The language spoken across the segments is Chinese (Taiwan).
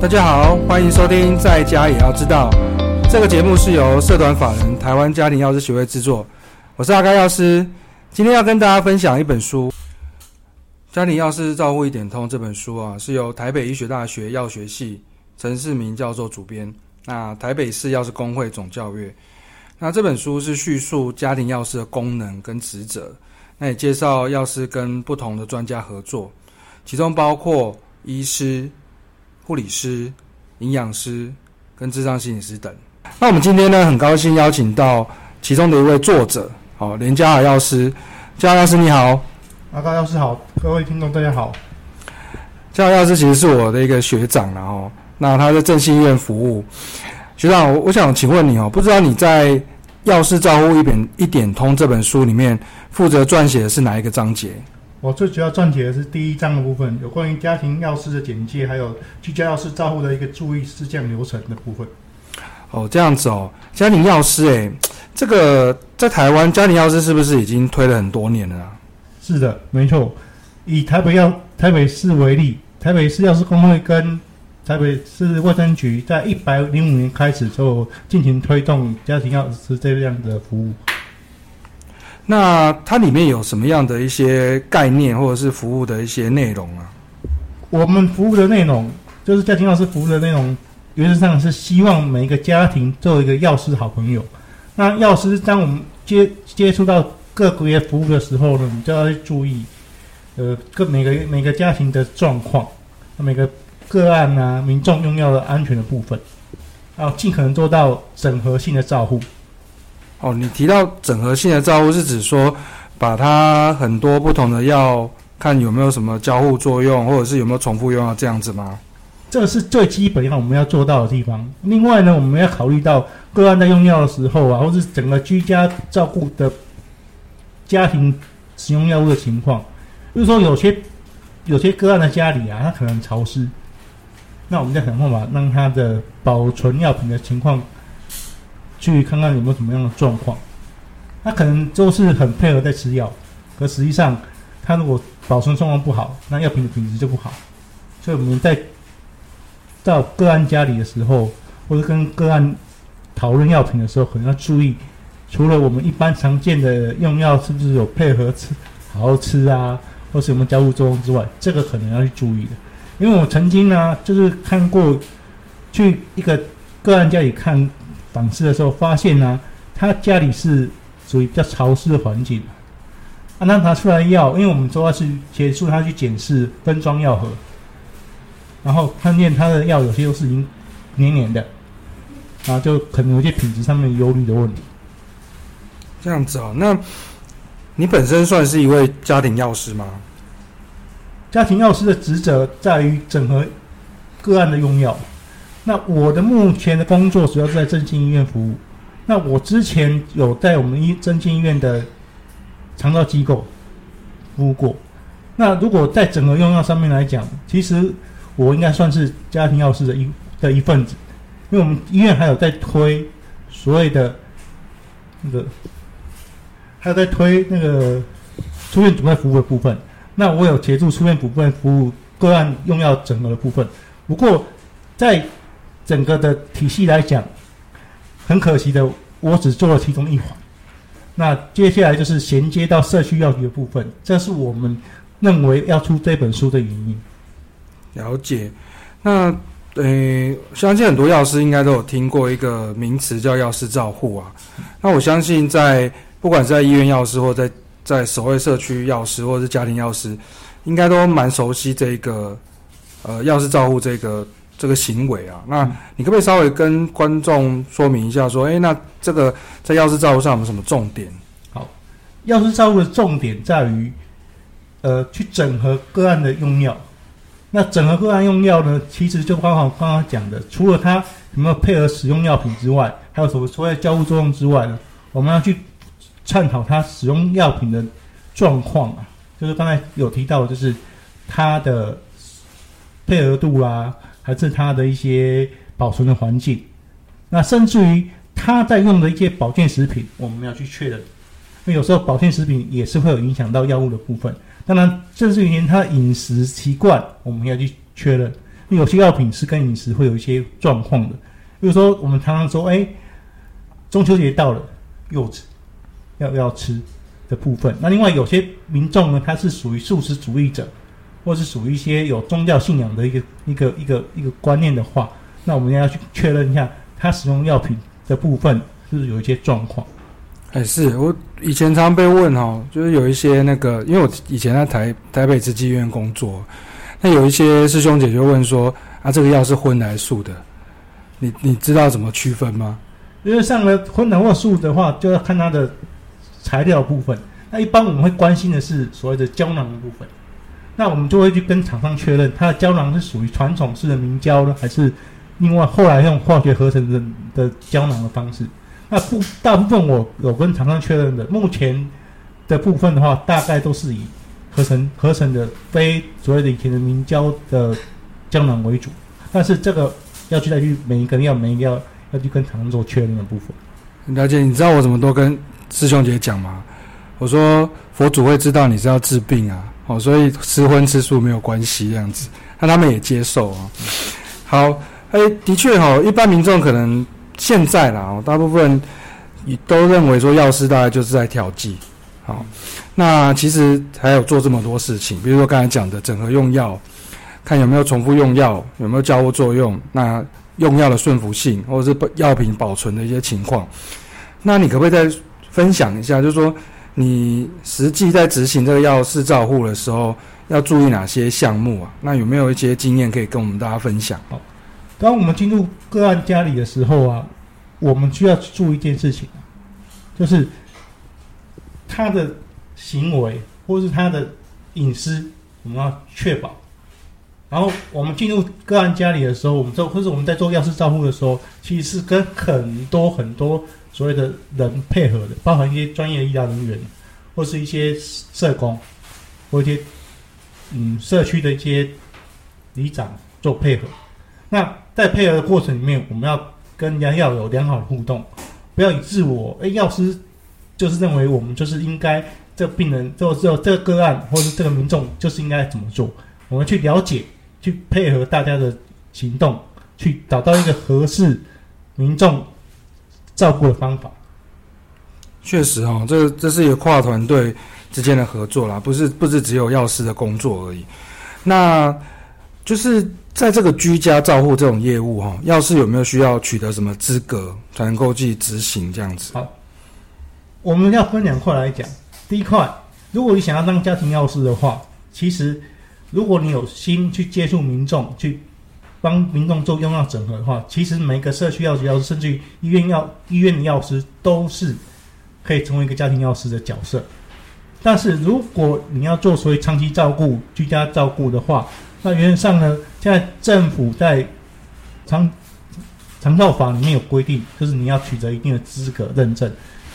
大家好，歡迎收聽《在家也要知道》這個節目，是由社團法人台灣家庭藥師學會製作。我是阿蓋藥師，今天要跟大家分享一本書，《家庭藥師照顧一點通》這本書啊，是由台北醫學大學藥學系陳世明教授主編，那台北市藥師公會總校閱。那這本書是敘述家庭藥師的功能跟職責，那也介紹藥師跟不同的專家合作，其中包括醫師。護理師、營養師跟諮商心理師等。那我們今天呢，很高興邀請到其中的一位作者，好，連嘉豪藥師，嘉豪藥師你好，阿佳藥師好，各位聽眾大家好。嘉豪藥師其實是我的一個學長啦，吼，那他在正心醫院服務。學長，我想請問你哦，不知道你在《藥事照護一點一點通》這本書裡面負責撰寫的是哪一個章節？我最主要撰寫的是第一章的部分，有關於家庭藥師的簡介，還有居家藥師照護的一個注意事項流程的部分。哦，這樣子哦，家庭藥師哎，這個在台灣家庭藥師是不是已經推了很多年了啊？是的，沒錯。以台北藥台北市為例，台北市藥師公會跟台北市衛生局在一百零五年開始就進行推動家庭藥師這樣的服務。那它裡面有什麼樣的一些概念或者是服務的一些內容啊？我們服務的內容就是家庭藥師服務的內容，原則上是希望每一個家庭做一個藥師好朋友。那藥師當我們接接觸到各個業服務的時候呢，我們就要去注意，呃，各每個每個家庭的狀況，每個個案啊，民眾用藥的安全的部分，要盡可能做到整合性的照護。哦，你提到整合性的照顧是指說，把它很多不同的藥看有沒有什麼交互作用，或者是有沒有重複用藥啊，這樣子嗎？這個是最基本上我們要做到的地方。另外呢，我們要考慮到個案在用藥的時候啊，或是整個居家照顧的家庭使用藥物的情況。比如說有些有些個案的家裡啊，它可能潮濕，那我們就想辦法讓它的保存藥品的情況。去看看有沒有什麼樣的狀況，他可能就是很配合在吃藥，可實際上他如果保存狀況不好，那藥品的品質就不好。所以我們在到個案家裡的時候，或者跟個案討論藥品的時候，可能要注意，除了我們一般常見的用藥是不是有配合吃、好好吃啊，或是有沒有交互作用之外，這個可能要去注意的。因為我曾經呢、啊，就是看過去一個個案家裡看。訪視的時候發現呢、啊，他家裡是屬於比較潮濕的環境，啊，那拿出來藥，因為我們主要是協助他去檢視分裝藥盒，然後看見他的藥有些都是已經黏黏的，啊，就可能有些品質上面有憂慮的問題。這樣子啊，那你本身算是一位家庭藥師嗎？家庭藥師的職責在於整合個案的用藥。那我的目前的工作主要是在振興醫院服務。那我之前有在我們醫振興醫院的長照機構服務過。那如果在整個用藥上面來講，其實我應該算是家庭藥師的一的一份子，因為我們醫院還有在推所謂的那個，還有在推那個出院準備服務的部分。那我有協助出院準備服務個案用藥整合的部分。不過在整個的體系來講，很可惜的，我只做了其中一環。那接下來就是銜接到社區藥局的部分，這是我們認為要出這本書的原因。了解。那呃，相信很多藥師應該都有聽過一個名詞叫藥事照護啊。那我相信在不管是在醫院藥師，或者在在所謂社區藥師，或者是家庭藥師，應該都蠻熟悉這個呃藥事照護這個。這個行為啊，那你可不可以稍微跟觀眾說明一下，說，哎，那這個在藥事照護上有什麼重點？好，藥事照護的重點在於，呃，去整合個案的用藥。那整合個案用藥呢，其實就剛好剛剛講的，除了他有沒有配合使用藥品之外，還有什麼？除了交互作用之外呢，我們要去探討他使用藥品的狀況啊，就是剛才有提到，就是他的配合度啊。來自他的一些保存的環境，那甚至於他在用的一些保健食品，我們要去確認，那有時候保健食品也是會有影響到藥物的部分。當然，正是因為他飲食習慣，我們要去確認。有些藥品是跟飲食會有一些狀況的，比如說我們常常說，哎，中秋節到了，柚子要不要吃的部分？那另外有些民眾呢，他是屬於素食主義者。或是屬於一些有宗教信仰的一個一個一個一個觀念的話，那我們要去確認一下他使用藥品的部分是不是有一些狀況。哎、欸，是我以前常被問哈，就是有一些那個，因為我以前在台台北慈濟醫院工作，那有一些師兄姐就問說啊，這個藥是葷還是素的？你你知道怎麼區分嗎？因為上了葷來或素的話，就要看它的材料部分。那一般我們會關心的是所謂的膠囊的部分。那我們就會去跟廠商確認，它的膠囊是屬於傳統式的明膠呢，還是另外後來用化學合成的的膠囊的方式？那不大部分我有跟廠商確認的，目前的部分的話，大概都是以合成合成的非所謂的以前的明膠的膠囊為主。但是這個要去再去每一個要每一個要要去跟廠商做確認的部分。了解？你知道我怎麼都跟師兄姐講嗎？我說佛祖會知道你是要治病啊。哦，所以吃葷吃素沒有關係這樣子，那他們也接受啊。好，哎、欸，的確哈、哦，一般民眾可能現在啦，大部分都認為說藥師大概就是在調劑。好，那其實還有做這麼多事情，比如說剛才講的整合用藥，看有沒有重複用藥，有沒有交互作用，那用藥的順服性，或者是藥品保存的一些情況。那你可不可以再分享一下，就是說？你實際在執行這個藥事照護的時候，要注意哪些項目啊？那有沒有一些經驗可以跟我們大家分享？哦，當我們進入個案家裡的時候啊，我們需要去注意一件事情，就是他的行為或者是他的隱私，我們要確保。然後我們進入個案家裡的時候，我們做，或是我們在做藥事照護的時候，其實是跟很多很多。所謂的人配合的，包含一些專業醫療人員，或是一些社工，或一些嗯社區的一些里長做配合。那在配合的過程裡面，我們要跟人家要有良好的互動，不要以自我。哎、欸，藥師就是認為我們就是應該這個病人，就就這個個案，或者這個民眾就是應該怎麼做？我們去了解，去配合大家的行動，去找到一個合適民眾照顧的方法，確實哈，這這是一個跨團隊之間的合作啦，不是不是只有藥師的工作而已。那就是在這個居家照護這種業務哈，藥師有沒有需要取得什麼資格才能夠去執行這樣子？好，我們要分兩塊來講。第一塊，如果你想要當家庭藥師的話，其實如果你有心去接觸民眾去。幫民眾做用藥整合的話，其實每個社區藥師，甚至於醫院藥醫院的藥師，都是可以成為一個家庭藥師的角色。但是如果你要做所謂長期照顧、居家照顧的話，那原則上呢，現在政府在長長照法裡面有規定，就是你要取得一定的資格認證，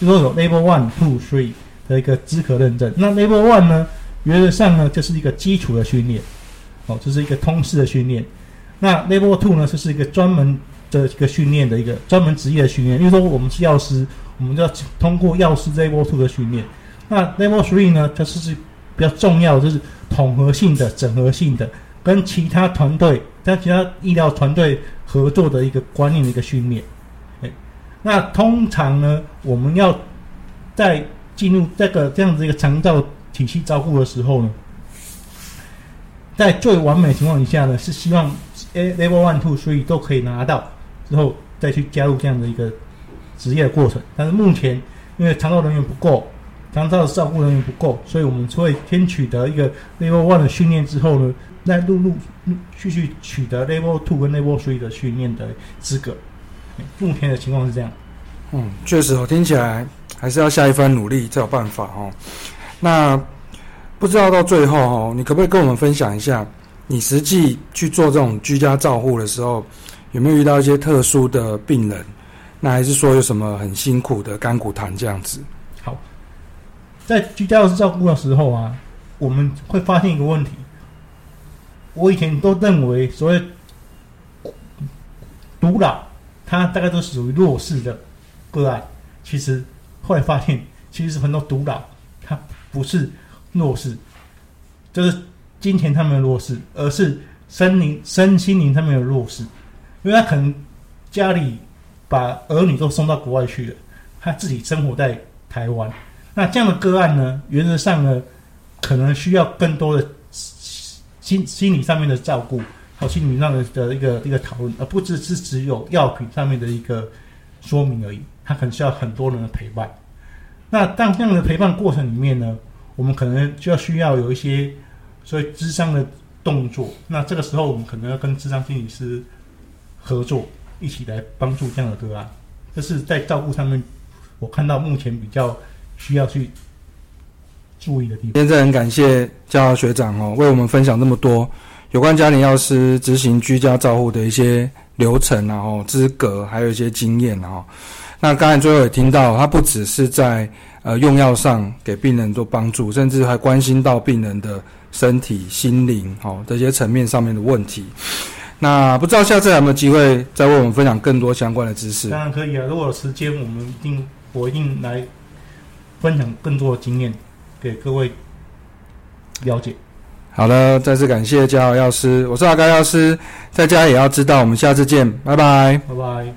就是說有 Level One、Two、Three 的一個資格認證。那 Level One 呢，原則上呢就是一個基礎的訓練，哦，這、就是一個通識的訓練。那 Level Two 呢，就是一個專門的一個訓練的一個專門職業的訓練。比如說，我們是藥師，我們就要通過藥師 Level Two 的訓練。那 Level Three 呢，它、就是比較重要的，就是統合性的、整合性的，跟其他團隊、跟其他醫療團隊合作的一個觀念的一個訓練。欸，那通常呢，我們要在進入這個這樣子一個長照體系照顧的時候呢。在最完美的情況下呢，是希望 A level one two three 都可以拿到之後，再去加入這樣的一個職業的過程。但是目前因為長照人員不夠，長照的照顧人員不夠，所以我們會先取得一個 level one 的訓練之後呢，再陸陸續續取得 level two 跟 level three 的訓練的資格。目前的情況是這樣。嗯，確實哦，聽起來還是要下一番努力才有辦法哦。那。不知道到最後哈，你可不可以跟我們分享一下，你實際去做這種居家照護的時候，有沒有遇到一些特殊的病人？那還是說有什麼很辛苦的甘苦談這樣子？好，在居家照顧的時候啊，我們會發現一個問題。我以前都認為所謂獨老，他大概都屬於弱勢的個案。其實後來發現，其實很多獨老，他不是。弱勢，就是金錢上面的弱勢，而是身靈、身心靈上面的弱勢。因為他可能家裡把兒女都送到國外去了，他自己生活在台灣。那這樣的個案呢，原則上呢，可能需要更多的心心理上面的照顧好心理上的的一個一個討論，而不只是只有藥品上面的一個說明而已。他可能需要很多人的陪伴。那當這樣的陪伴過程裡面呢？我們可能就要需要有一些，所謂諮商的動作。那這個時候，我們可能要跟諮商心理師合作，一起來幫助這樣的個案、啊。這是在照顧上面，我看到目前比較需要去注意的地方。現在很感謝嘉豪學長哦、喔，為我們分享這麼多有關家庭藥師執行居家照護的一些流程啊，然後資格，還有一些經驗啊。那剛才最後也聽到，他不只是在。呃，用藥上給病人做幫助，甚至還關心到病人的身體、心靈，好、哦、這些層面上面的問題。那不知道下次還有沒有機會再為我們分享更多相關的知識？當然可以啊，如果有時間，我們一定我一定來分享更多的經驗給各位了解。好了，再次感謝嘉豪藥師，我是阿嘉藥師，在家也要知道，我們下次見，拜拜，拜拜。